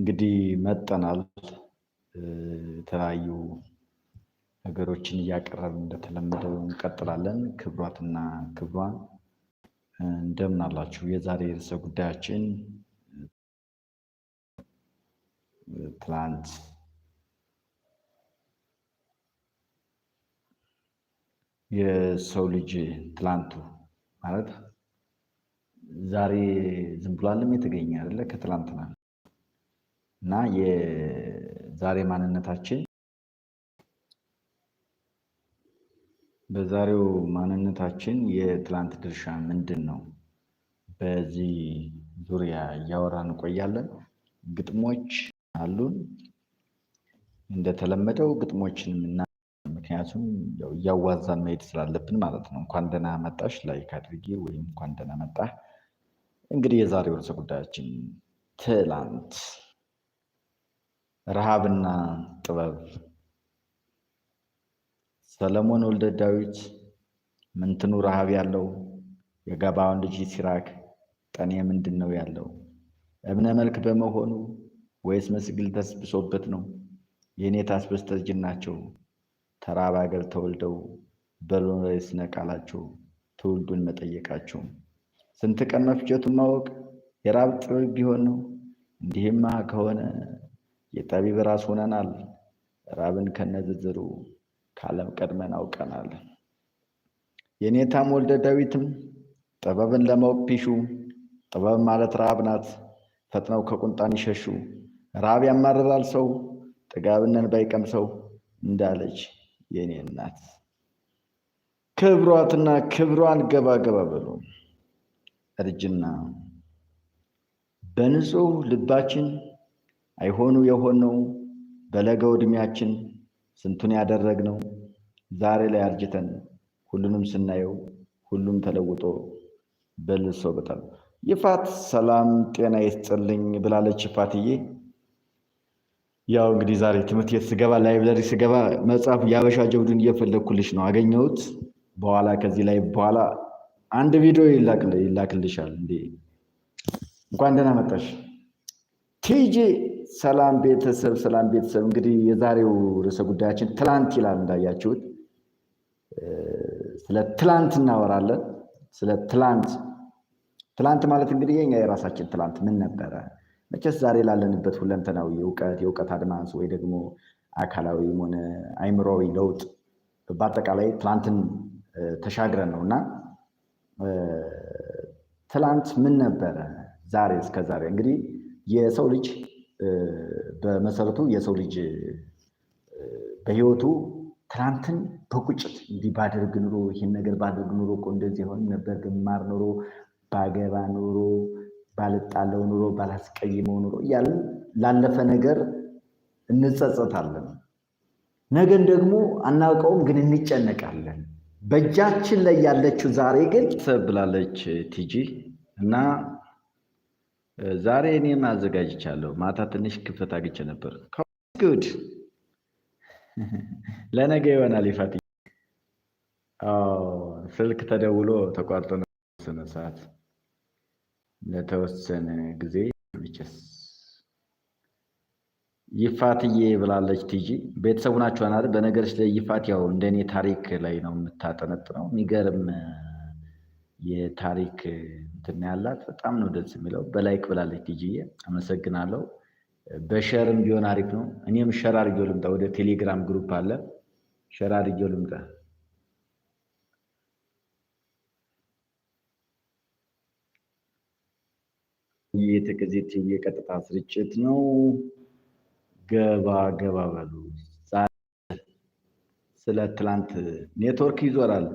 እንግዲህ መጠናል የተለያዩ ነገሮችን እያቀረብን እንደተለመደው እንቀጥላለን። ክቡራትና ክብሯን እንደምን አላችሁ? የዛሬ ርዕሰ ጉዳያችን ትላንት የሰው ልጅ ትላንቱ ማለት ዛሬ ዝም ብሎ ዓለም የተገኘ አይደለ? ከትላንትና እና የዛሬ ማንነታችን በዛሬው ማንነታችን የትላንት ድርሻ ምንድን ነው? በዚህ ዙሪያ እያወራ እንቆያለን። ግጥሞች አሉን። እንደተለመደው ግጥሞችን እና ምክንያቱም እያዋዛን መሄድ ስላለብን ማለት ነው። እንኳን ደህና መጣሽ ላይክ አድርጊ ወይም እንኳን ደህና መጣ እንግዲህ የዛሬው ርዕሰ ጉዳያችን ትላንት ረሃብና ጥበብ ሰለሞን ወልደ ዳዊት ምንትኑ ረሃብ ያለው የገባውን ልጅ ሲራክ ጠኔ ምንድን ነው ያለው? እብነ መልክ በመሆኑ ወይስ መስግል ተስብሶበት ነው? የኔታስ በስተጅን ናቸው ተራብ አገር ተወልደው በሎሬስ ነቃላቸው ትውልዱን መጠየቃቸው ስንት ቀን መፍጀቱን ማወቅ የራብ ጥበብ ቢሆን ነው። እንዲህማ ከሆነ የጠቢብ ራስ ሆነናል። ራብን ከነዝርዝሩ ከዓለም ቀድመን አውቀናል። የኔታም ወልደ ዳዊትም ጥበብን ለማወቅ ቢሹ ጥበብ ማለት ራብ ናት። ፈጥነው ከቁንጣን ይሸሹ። ራብ ያማርራል ሰው ጥጋብነን ባይቀምሰው እንዳለች የኔ እናት ክብሯትና ክብሯን ገባገባ በሉ። እርጅና በንጹህ ልባችን አይሆኑ የሆነው በለገው እድሜያችን ስንቱን ያደረግነው ዛሬ ላይ አርጅተን ሁሉንም ስናየው ሁሉም ተለውጦ በልሶ በጣም ይፋት ሰላም ጤና ይስጥልኝ ብላለች። ይፋትዬ ያው እንግዲህ ዛሬ ትምህርት ቤት ስገባ ላይብረሪ ስገባ መጽሐፍ የአበሻ ጀብዱን እየፈለግኩልሽ ነው አገኘሁት። በኋላ ከዚህ ላይ በኋላ አንድ ቪዲዮ ይላክልሻል። እንዴ እንኳን ደህና መጣሽ ቲጂ ሰላም ቤተሰብ፣ ሰላም ቤተሰብ። እንግዲህ የዛሬው ርዕሰ ጉዳያችን ትላንት ይላል። እንዳያችሁት ስለ ትላንት እናወራለን። ስለ ትላንት ትላንት ማለት እንግዲህ የኛ የራሳችን ትላንት ምን ነበረ? መቼስ ዛሬ ላለንበት ሁለንተናዊ እውቀት፣ የእውቀት አድማንስ ወይ ደግሞ አካላዊም ሆነ አይምሮዊ ለውጥ በአጠቃላይ ትላንትን ተሻግረን ነው እና ትላንት ምን ነበረ? ዛሬ እስከ ዛሬ እንግዲህ የሰው ልጅ በመሰረቱ የሰው ልጅ በህይወቱ ትናንትን በቁጭት እንዲህ ባደርግ ኑሮ ይህን ነገር ባደርግ ኑሮ እኮ እንደዚህ ሆን ነበር፣ ግማር ኑሮ፣ ባገባ ኑሮ፣ ባልጣለው ኑሮ፣ ባላስቀይመው ኑሮ እያለ ላለፈ ነገር እንጸጸታለን። ነገን ደግሞ አናውቀውም፣ ግን እንጨነቃለን። በእጃችን ላይ ያለችው ዛሬ ግን ብላለች ቲጂ እና ዛሬ እኔም አዘጋጅቻለሁ። ማታ ትንሽ ክፍተት አግኝቼ ነበር። ጉድ ለነገ ይሆናል። ይፋት ስልክ ተደውሎ ተቋርጦ ስነ ሰዓት ለተወሰነ ጊዜ ስ ይፋትዬ ብላለች። ቲጂ ቤተሰቡ ናቸው። በነገሮች ላይ ይፋት ያው እንደኔ ታሪክ ላይ ነው የምታጠነጥነው የሚገርም የታሪክ እንትን ያላት በጣም ነው ደስ የሚለው። በላይክ ብላለች ልጅዬ፣ አመሰግናለሁ። በሸርም ቢሆን አሪፍ ነው። እኔም ሸር አድርጌው ልምጣ። ወደ ቴሌግራም ግሩፕ አለ፣ ሸር አድርጌው ልምጣ። የተከዜ ቲቪ የቀጥታ ስርጭት ነው። ገባ ገባ በሉ። ስለ ትላንት ኔትወርክ ይዞራል።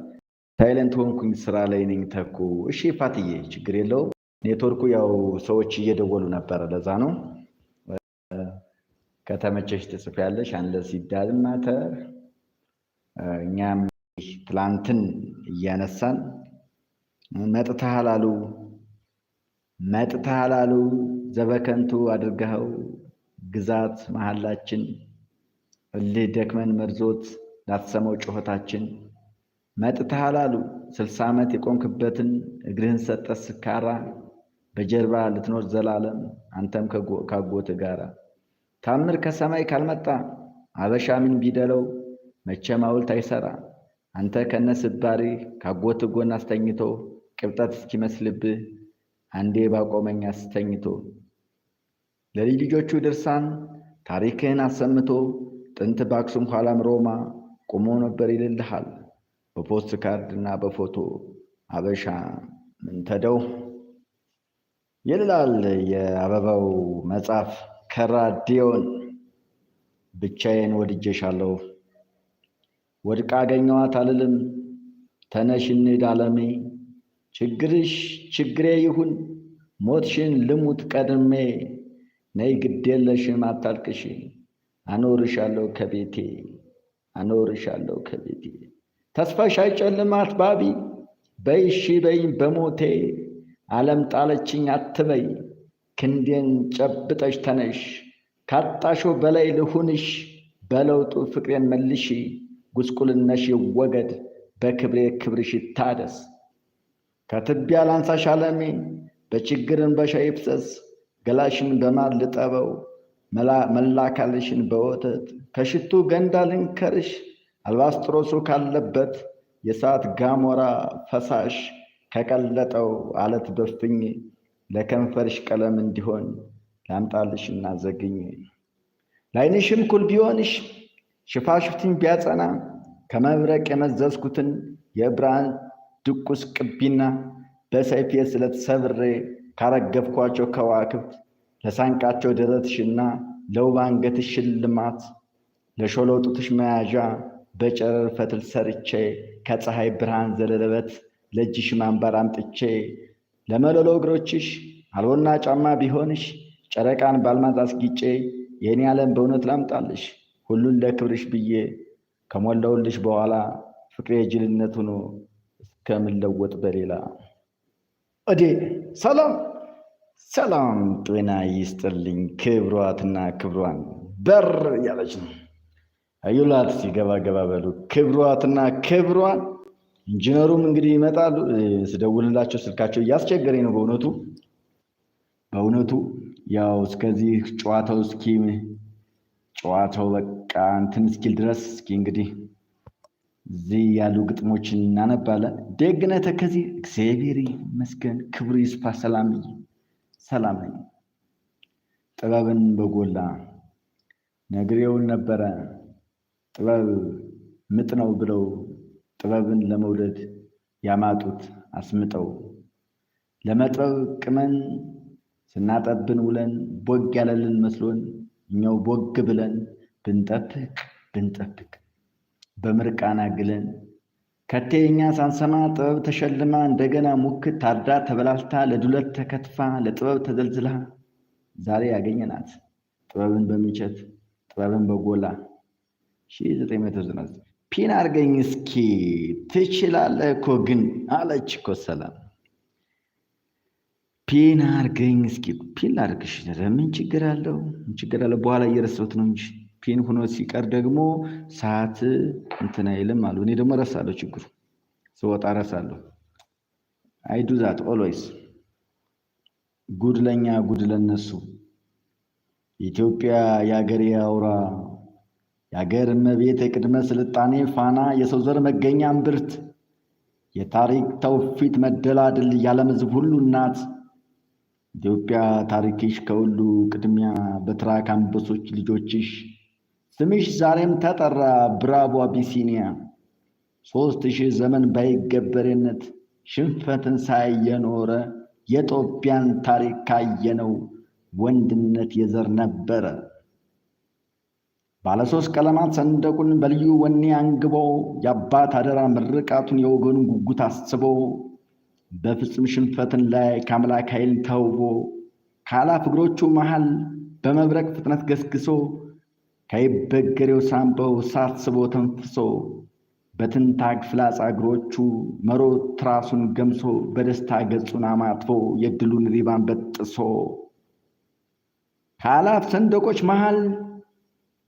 ሳይለንት ሆንኩኝ፣ ስራ ላይ ነኝ ተኩ። እሺ ፋትዬ፣ ችግር የለውም ኔትወርኩ ያው ሰዎች እየደወሉ ነበረ፣ ለዛ ነው። ከተመቸሽ ያለሽ አንለ ሲዳል ማተር። እኛም ትላንትን እያነሳን መጥተሃል አሉ መጥተሃል አሉ ዘበከንቱ አድርገኸው ግዛት መሀላችን እልህ ደክመን መርዞት ላትሰመው ጩኸታችን መጥተሃል አሉ። ስልሳ ዓመት የቆምክበትን እግርህን ሰጠ ስካራ በጀርባ ልትኖር ዘላለም አንተም ካጎት ጋራ ታምር ከሰማይ ካልመጣ አበሻ ምን ቢደለው መቼም ማውልት አይሰራ። አንተ ከነስባሪ ካጎት ጎን አስተኝቶ ቅብጠት እስኪመስልብህ አንዴ ባቆመኝ አስተኝቶ ለልጅ ልጆቹ ድርሳን ታሪክህን አሰምቶ ጥንት በአክሱም ኋላም ሮማ ቁሞ ነበር ይልልሃል። በፖስት ካርድ እና በፎቶ አበሻ ምንተደው ይላል የአበባው መጽሐፍ። ከራዲዮን ብቻዬን ወድጀሻለሁ ወድቃ አገኘዋት አልልም። ተነሽ እንሂድ አለሜ፣ ችግርሽ ችግሬ ይሁን ሞትሽን ልሙት ቀድሜ። ነይ ግድ አታልቅሽ፣ አኖርሻለሁ ከቤቴ አኖርሻለሁ ከቤቴ ተስፋሻ ጨልማት ባቢ በይሺ በይ በሞቴ ዓለም ጣለችኝ አትበይ ክንዴን ጨብጠሽ ተነሽ ካጣሾ በላይ ልሁንሽ በለውጡ ፍቅሬን መልሺ ጉስቁልነሽ ይወገድ በክብሬ ክብርሽ ይታደስ ከትቢያ ላንሳሽ አለሜ በችግርን በሻይ ይፍሰስ ገላሽን በማር ልጠበው መላካልሽን በወተት ከሽቱ ገንዳ ልንከርሽ አልባስጥሮሱ ካለበት የእሳት ጋሞራ ፈሳሽ ከቀለጠው አለት በፍኝ ለከንፈርሽ ቀለም እንዲሆን ላምጣልሽ እና ዘግኝ ላይንሽም ኩል ቢሆንሽ ሽፋሽፍትን ቢያጸና ከመብረቅ የመዘዝኩትን የብርሃን ድቁስ ቅቢና በሰይፌ ስለት ሰብሬ ካረገፍኳቸው ከዋክብት ለሳንቃቸው ደረትሽና ለውብ አንገትሽ ሽልማት ለሾለጡትሽ መያዣ በጨረር ፈትል ሰርቼ ከፀሐይ ብርሃን ዘለለበት ለእጅሽ ማንበር አምጥቼ ለመለሎ እግሮችሽ አልቦና ጫማ ቢሆንሽ ጨረቃን ባልማዝ አስጊጬ የእኔ ዓለም በእውነት ላምጣልሽ ሁሉን ለክብርሽ ብዬ ከሞላውልሽ በኋላ ፍቅሬ ጅልነት ሆኖ እስከምለወጥ በሌላ እዴ ሰላም ሰላም ጤና ይስጥልኝ ክብሯትና ክብሯን በር እያለች ነው። አዩላት ሲገባ ገባ በሉ ክብሯትና ክብሯን ኢንጂነሩም እንግዲህ ይመጣሉ። ስደውልላቸው ስልካቸው እያስቸገረኝ ነው በእውነቱ በእውነቱ ያው እስከዚህ ጨዋታው እስኪ ጨዋታው በቃ እንትን እስኪል ድረስ እስኪ እንግዲህ እዚህ ያሉ ግጥሞችን እናነባለን። ደግነተ ከዚህ እግዚአብሔር ይመስገን ክብሩ ይስፋ ሰላም ሰላም ነኝ ጥበብን በጎላ ነግሬውን ነበረ ጥበብ ምጥ ነው ብለው ጥበብን ለመውደድ ያማጡት አስምጠው ለመጥበብ ቅመን ስናጠብን ውለን ቦግ ያለልን መስሎን እኛው ቦግ ብለን ብንጠብቅ ብንጠብቅ በምርቃና ግለን ከቴ እኛ ሳንሰማ ጥበብ ተሸልማ እንደገና ሙክት ታርዳ ተበላልታ ለዱለት ተከትፋ ለጥበብ ተዘልዝላ ዛሬ ያገኘናት ጥበብን በምንቸት ጥበብን በጎላ 999 ፒን አድርገኝ እስኪ ትችላለህ እኮ ግን አለች እኮ ሰላም። ፒን አድርገኝ እስኪ ፒን ላድርግሽ። ምን ችግር አለው? ምን ችግር አለው? በኋላ እየረሳሁት ነው እንጂ ፒን ሆኖ ሲቀር ደግሞ ሰዓት እንትን አይልም አሉ። እኔ ደግሞ እረሳለሁ። ችግሩ ስወጣ እረሳለሁ። አይ ዱ ዛት ኦልዌይስ። ጉድ ለኛ ጉድ ለነሱ። ኢትዮጵያ የሀገሬ አውራ የአገር እመቤት የቅድመ ስልጣኔ ፋና የሰው ዘር መገኛ እምብርት የታሪክ ተውፊት መደላድል የዓለም ሕዝብ ሁሉ እናት ኢትዮጵያ ታሪክሽ ከሁሉ ቅድሚያ በትራክ አንበሶች ልጆችሽ ስምሽ ዛሬም ተጠራ። ብራቮ አቢሲኒያ ሶስት ሺህ ዘመን ባይገበሬነት ሽንፈትን ሳየኖረ የጦቢያን ታሪክ ካየነው ወንድነት የዘር ነበረ። ባለሶስት ቀለማት ሰንደቁን በልዩ ወኔ አንግቦ የአባት አደራ ምርቃቱን የወገኑን ጉጉት አስቦ በፍጹም ሽንፈትን ላይ ከአምላክ ኃይል ተውቦ ከአላፍ እግሮቹ መሃል በመብረቅ ፍጥነት ገስግሶ ከይበገሬው ሳምበው ሳስቦ ተንፍሶ በትንታግ ፍላጻ እግሮቹ መሮ ትራሱን ገምሶ በደስታ ገጹን አማትፎ የድሉን ሪባን በጥሶ ከአላፍ ሰንደቆች መሃል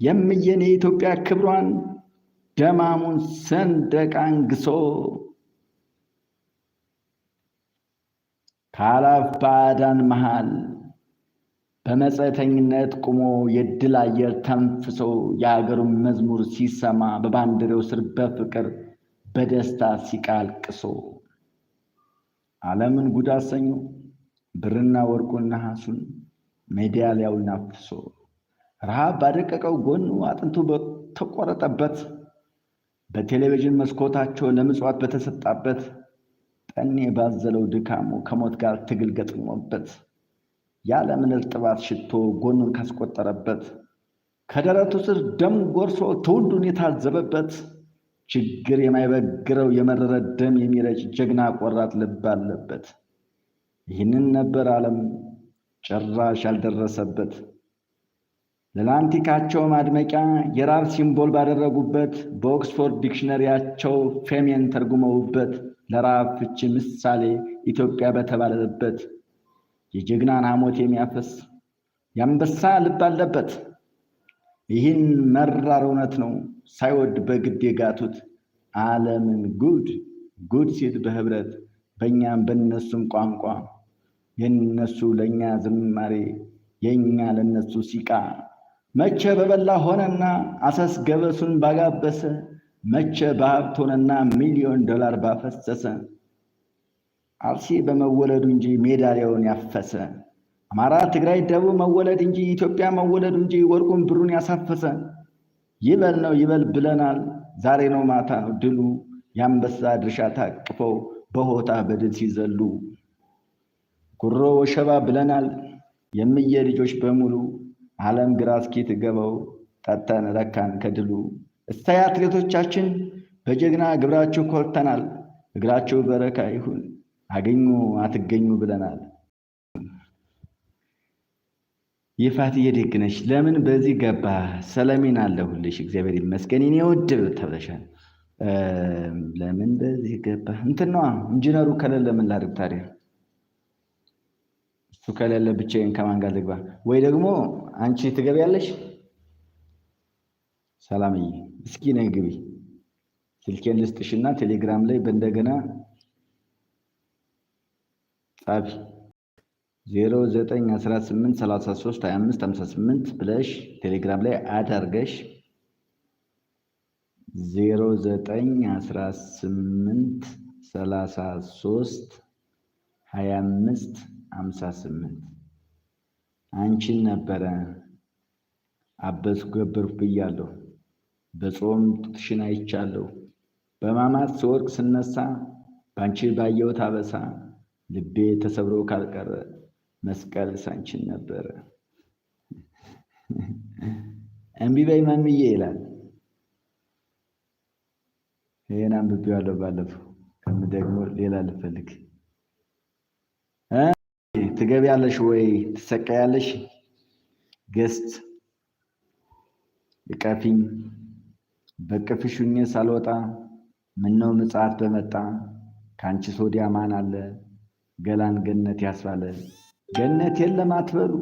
የምየን የኢትዮጵያ ክብሯን ደማሙን ሰንደቅ አንግሶ ከአላፍ ባዕዳን መሃል በመጻተኝነት ቁሞ የድል አየር ተንፍሶ የአገሩን መዝሙር ሲሰማ በባንዲራው ስር በፍቅር በደስታ ሲቃልቅሶ ዓለምን ጉድ አሰኙ ብርና ወርቁን ነሐሱን ሜዳሊያውን አፍሶ ረሃብ ባደቀቀው ጎኑ አጥንቱ በተቆረጠበት በቴሌቪዥን መስኮታቸው ለምጽዋት በተሰጣበት ጠኔ ባዘለው ድካሙ ከሞት ጋር ትግል ገጥሞበት የዓለምን እርጥባት ሽቶ ጎኑን ካስቆጠረበት ከደረቱ ስር ደም ጎርሶ ትውልዱን የታዘበበት ችግር የማይበግረው የመረረ ደም የሚረጭ ጀግና ቆራጥ ልብ አለበት። ይህንን ነበር ዓለም ጭራሽ ያልደረሰበት። ለላንቲካቸው ማድመቂያ የራብ ሲምቦል ባደረጉበት በኦክስፎርድ ዲክሽነሪያቸው ፌሜን ተርጉመውበት ለራብ ፍቺ ምሳሌ ኢትዮጵያ በተባለበት የጀግናን ሐሞት የሚያፈስ የአንበሳ ልብ አለበት። ይህን መራር እውነት ነው ሳይወድ በግድ የጋቱት ዓለምን ጉድ ጉድ ሲል በህብረት በእኛም በነሱም ቋንቋ የነሱ ለእኛ ዝማሬ የእኛ ለነሱ ሲቃ መቼ በበላ ሆነና አሰስ ገበሱን ባጋበሰ፣ መቼ በሀብት ሆነና ሚሊዮን ዶላር ባፈሰሰ፣ አርሲ በመወለዱ እንጂ ሜዳሊያውን ያፈሰ፣ አማራ፣ ትግራይ፣ ደቡብ መወለድ እንጂ ኢትዮጵያ መወለዱ እንጂ ወርቁን ብሩን ያሳፈሰ፣ ይበል ነው ይበል ብለናል። ዛሬ ነው ማታ ነው ድሉ የአንበሳ ድርሻ ታቅፈው በሆታ በድል ሲዘሉ ጉሮ ወሸባ ብለናል የምየ ልጆች በሙሉ ዓለም ግራ እስኪ ትገበው ጠጥተን ረካን ከድሉ። እሰይ አትሌቶቻችን በጀግና ግብራችሁ ኮርተናል። እግራችሁ በረካ ይሁን አገኙ አትገኙ ብለናል። ይፋት እየደግነች ለምን በዚህ ገባ? ሰለሜን አለሁልሽ እግዚአብሔር ይመስገን ኔ ውድ ተብለሻል። ለምን በዚህ ገባ? እንትን ነዋ ኢንጂነሩ ከሌለ ለምን ላድርግ ታዲያ እሱ ከሌለ ብቻዬን ከማን ጋር ልግባ? ወይ ደግሞ አንቺ ትገቢያለሽ? ሰላምዬ እስኪ ነይ ግቢ፣ ስልኬን ልስጥሽና ቴሌግራም ላይ በእንደገና ጻፊ 0918332558 ብለሽ ቴሌግራም ላይ አዳርገሽ 09183325 አምሳ ስምንት አንቺን ነበረ አበስኩ ገበርኩ ብያለሁ። በጾም ጡትሽን አይቻለሁ። በማማት ስወርቅ ስነሳ በአንቺ ባየሁት አበሳ ልቤ ተሰብሮ ካልቀረ መስቀል ሳንቺን ነበረ። እምቢ በይ ማምዬ ይላል። ይህን አንብቤዋለሁ ባለፈው። ከምደግሞ ሌላ ልፈልግ ትገቢያለሽ ወይ ትሰቃያለሽ? ገስት ይቀፊኝ በቅፍሽ ሁኜ ሳልወጣ ምነው ምጽአት በመጣ ከአንቺስ ወዲያ ማን አለ ገላን ገነት ያስባለ ገነት የለም አትበሉ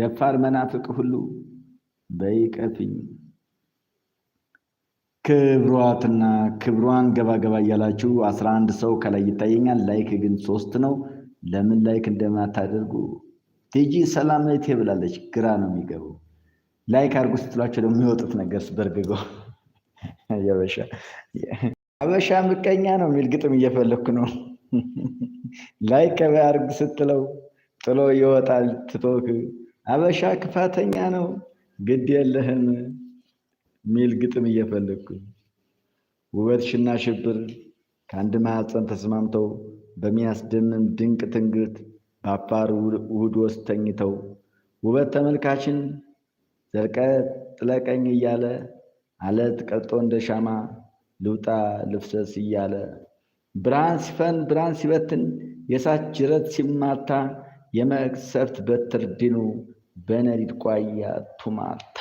ደፋር መናፍቅ ሁሉ በይቀፊኝ ክብሯትና ክብሯን ገባገባ እያላችሁ አስራ አንድ ሰው ከላይ ይታየኛል። ላይክ ግን ሶስት ነው። ለምን ላይክ እንደማታደርጉ ቴጂ ሰላም ላይ ትብላለች። ግራ ነው የሚገባው። ላይክ አድርጉ ስትሏቸው ደግሞ የሚወጡት ነገር በርግገው የበሻ አበሻ ምቀኛ ነው የሚል ግጥም እየፈለግኩ ነው። ላይክ አድርጉ ስትለው ጥሎ ይወጣል ትቶክ። አበሻ ክፋተኛ ነው ግድ የለህም የሚል ግጥም እየፈለግኩ ውበትሽና ሽብር ከአንድ ማህፀን ተስማምተው በሚያስደምም ድንቅ ትንግርት በአፋር ውድ ውስጥ ተኝተው ውበት ተመልካችን ዘልቀ ጥለቀኝ እያለ አለት ቀልጦ እንደ ሻማ ልውጣ ልፍሰስ እያለ ብርሃን ሲፈን ብርሃን ሲበትን የእሳት ጅረት ሲማታ የመቅሰፍት በትር ድኑ በነሪድ ቋያ ቱማታ።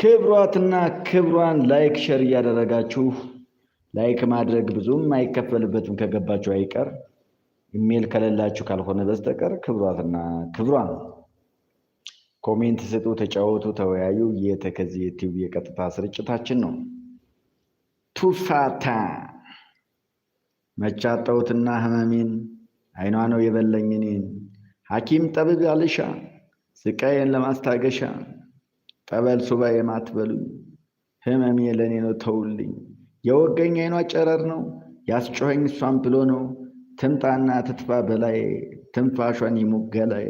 ክብሯትና ክብሯን ላይክ ሸር እያደረጋችሁ ላይክ ማድረግ ብዙም አይከፈልበትም ከገባችሁ አይቀር ኢሜል ከሌላችሁ ካልሆነ በስተቀር ክብሯትና ክብሯ ነው። ኮሜንት ስጡ፣ ተጫወቱ፣ ተወያዩ። የተከዜ ቲቪ የቀጥታ ስርጭታችን ነው። ቱፋታ መቻጣውትና ህመሜን አይኗ ነው የበላኝ እኔን ሐኪም ጠብብ ያልሻ ስቃዬን ለማስታገሻ ጠበል ሱባ የማትበሉኝ ህመሜ ለእኔ ነው ተውልኝ የወገኝ አይኗ ጨረር ነው። ያስጮኸኝ እሷን ብሎ ነው። ትምጣና ትጥፋ በላይ ትንፋሿን ይሙገላይ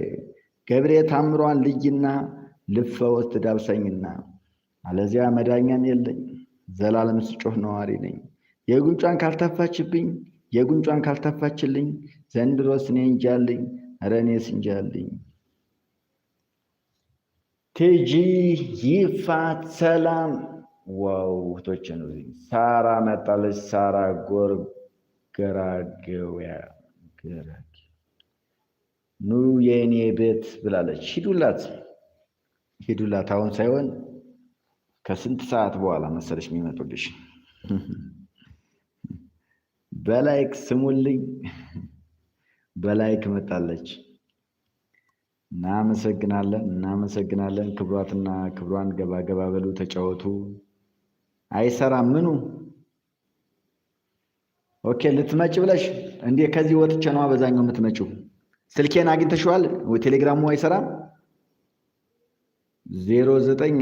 ገብሬ ታምሯን ልይና ልፈወስ ትዳብሰኝና አለዚያ መዳኛን የለኝ። ዘላለም ስጮህ ነዋሪ ነኝ። የጉንጯን ካልተፋችብኝ የጉንጯን ካልተፋችልኝ ዘንድሮ ስኔ እንጃልኝ ረኔ ስንጃልኝ። ቴጂ ይፋት ሰላም ውህቶች ነው። ሳራ መጣለች። ሳራ ጎር ጎርገራጌዋ ኑ የእኔ ቤት ብላለች። ሂዱላት ሂዱላት። አሁን ሳይሆን ከስንት ሰዓት በኋላ መሰለች የሚመጡልሽ። በላይክ ስሙልኝ። በላይክ መጣለች። እናመሰግናለን፣ እናመሰግናለን። ክብሯትና ክብሯን ገባገባ በሉ፣ ተጫወቱ። አይሰራም። ምኑ ኦኬ። ልትመጭ ብለሽ እንዴ? ከዚህ ወጥቼ ነው በዛኛው የምትመጪው። ስልኬን አግኝተሽዋል ወይ? ቴሌግራሙ አይሰራም። 0918 ዘጠኝ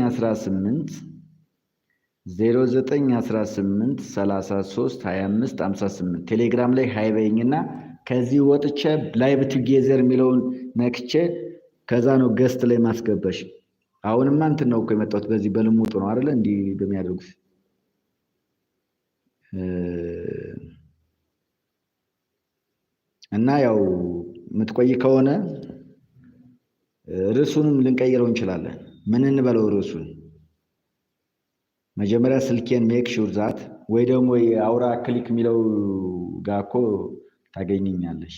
አስራ ስምንት ዜሮ ቴሌግራም ላይ ሀይ ከዚህ ወጥቼ ላይቭ ቱጌዘር የሚለውን ነክቼ ከዛ ነው ገስት ላይ ማስገበሽ። አሁንማ እንትን ነው እኮ የመጣሁት በዚህ በልሙጡ ነው አይደለ? እንዲህ በሚያደርጉት እና ያው የምትቆይ ከሆነ ርዕሱንም ልንቀይረው እንችላለን። ምን እንበለው ርዕሱን? መጀመሪያ ስልኬን ሜክ ሹር ዛት ወይ ደግሞ አውራ ክሊክ የሚለው ጋ እኮ ታገኝኛለሽ።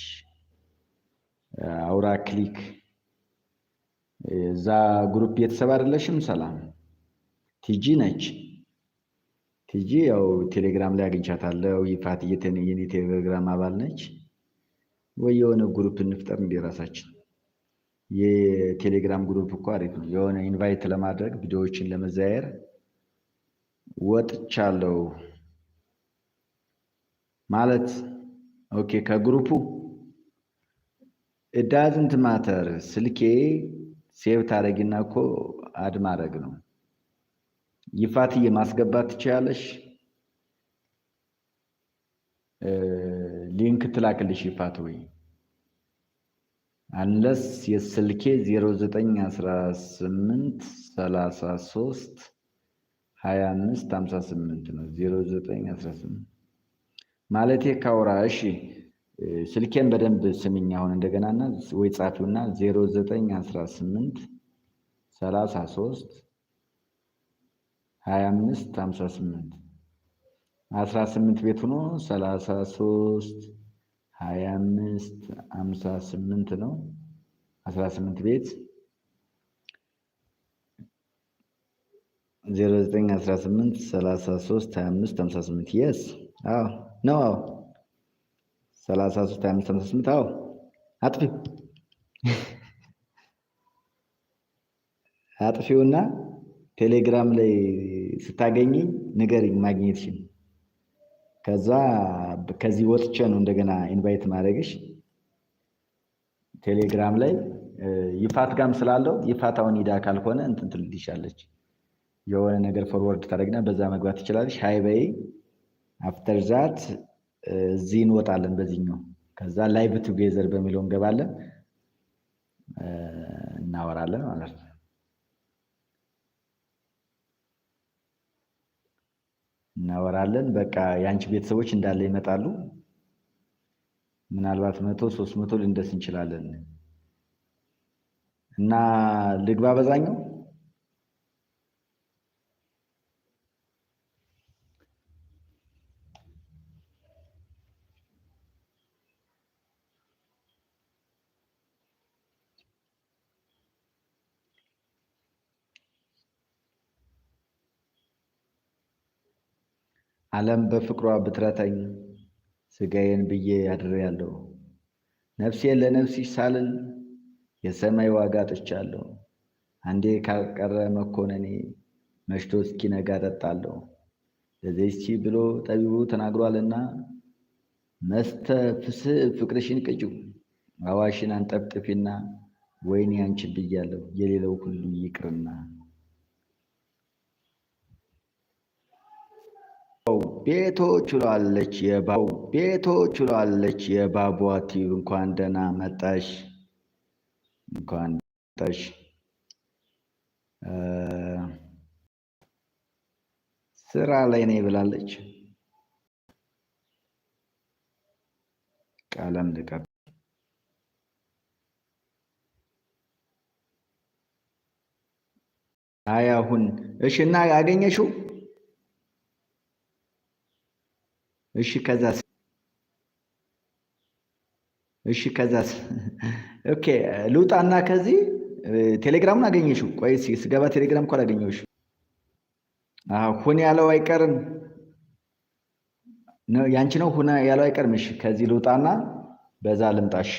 አውራ ክሊክ እዛ ግሩፕ ቤተሰብ ሰላም ቲጂ ነች። ሂጂ ያው ቴሌግራም ላይ አግኝቻታለሁ። ይፋት የኔ ቴሌግራም አባል ነች ወይ የሆነ ግሩፕ እንፍጠር እንዲ ራሳችን የቴሌግራም ግሩፕ እኮ አሪፍ ነው። የሆነ ኢንቫይት ለማድረግ ቪዲዮዎችን ለመዘያየር ወጥቻለሁ ማለት ኦኬ። ከግሩፑ እዳዝንት ማተር ስልኬ ሴቭ ታደረግና እኮ አድ ማድረግ ነው። ይፋትዬ ማስገባት ትችላለሽ? ሊንክ ትላክልሽ ይፋት ወይ አንለስ የስልኬ 0918 33 25 58 ነው። 0918 ማለቴ ካውራ። እሺ ስልኬን በደንብ ስምኝ። አሁን እንደገናና ወይ ጻፊውና 0918 33 ሀያ አምስት ሀምሳ አስራ ስምንት ቤት ሆኖ ሰላሳ ሶስት ሀያ አምስት ሀምሳ ስምንት ነው። አስራ ቤት ዜሮ ዘጠኝ አስራ ስምንት ሰላሳ ሶስት ሀያ አምስት ስምንት የስ አዎ ነው። አዎ ሰላሳ ሶስት ሀያ አምስት ስምንት አዎ አጥፊው አጥፊውና ቴሌግራም ላይ ስታገኘኝ ንገሪኝ ማግኘትሽን። ከዛ ከዚህ ወጥቼ ነው እንደገና ኢንቫይት ማድረግሽ። ቴሌግራም ላይ ይፋት ጋም ስላለው ይፋታውን ሂዳ ካልሆነ እንትን ትልልሻለች የሆነ ነገር ፎርወርድ ታደረግና በዛ መግባት ትችላለች። ሀይ በይ አፍተር ዛት እዚህ እንወጣለን በዚህኛው። ከዛ ላይቭ ቱጌዘር በሚለው እንገባለን፣ እናወራለን ማለት ነው። እናወራለን። በቃ የአንቺ ቤተሰቦች እንዳለ ይመጣሉ። ምናልባት መቶ ሶስት መቶ ልንደስ እንችላለን እና ልግባ በዛኛው ዓለም በፍቅሯ ብትረተኝ ስጋዬን ብዬ አድሬያለሁ። ነፍሴን ለነፍስሽ ሳልል የሰማይ ዋጋ ጥቻለሁ። አንዴ ካልቀረ መኮነኔ መሽቶ እስኪነጋ ጠጣለሁ። ለዚህቺ ብሎ ጠቢቡ ተናግሯልና መስተ ፍስህ ፍቅርሽን ቅጩ አዋሽን አንጠፍጥፊና ወይኔ አንቺን ብያለሁ የሌለው ሁሉ ይቅርና ቤቶ ችሏለች የባቡ ቤቶ ችሏለች የባቧ አትዩ እንኳን ደህና መጣሽ፣ እንኳን መጣሽ። ስራ ላይ ነኝ ብላለች። ቀለም ልቀብ አይ አሁን እሺ እና ያገኘሽው እሺ ከዛስ? እሺ ከዛስ? ኦኬ ልውጣና ከዚህ ቴሌግራሙን አገኘሽው? ቆይ ስገባ ቴሌግራም እኮ አላገኘሁሽም። ሁን ያለው አይቀርም ያንቺ ነው ሁን ያለው አይቀርም። እሺ ከዚህ ልውጣና በዛ ልምጣሽ።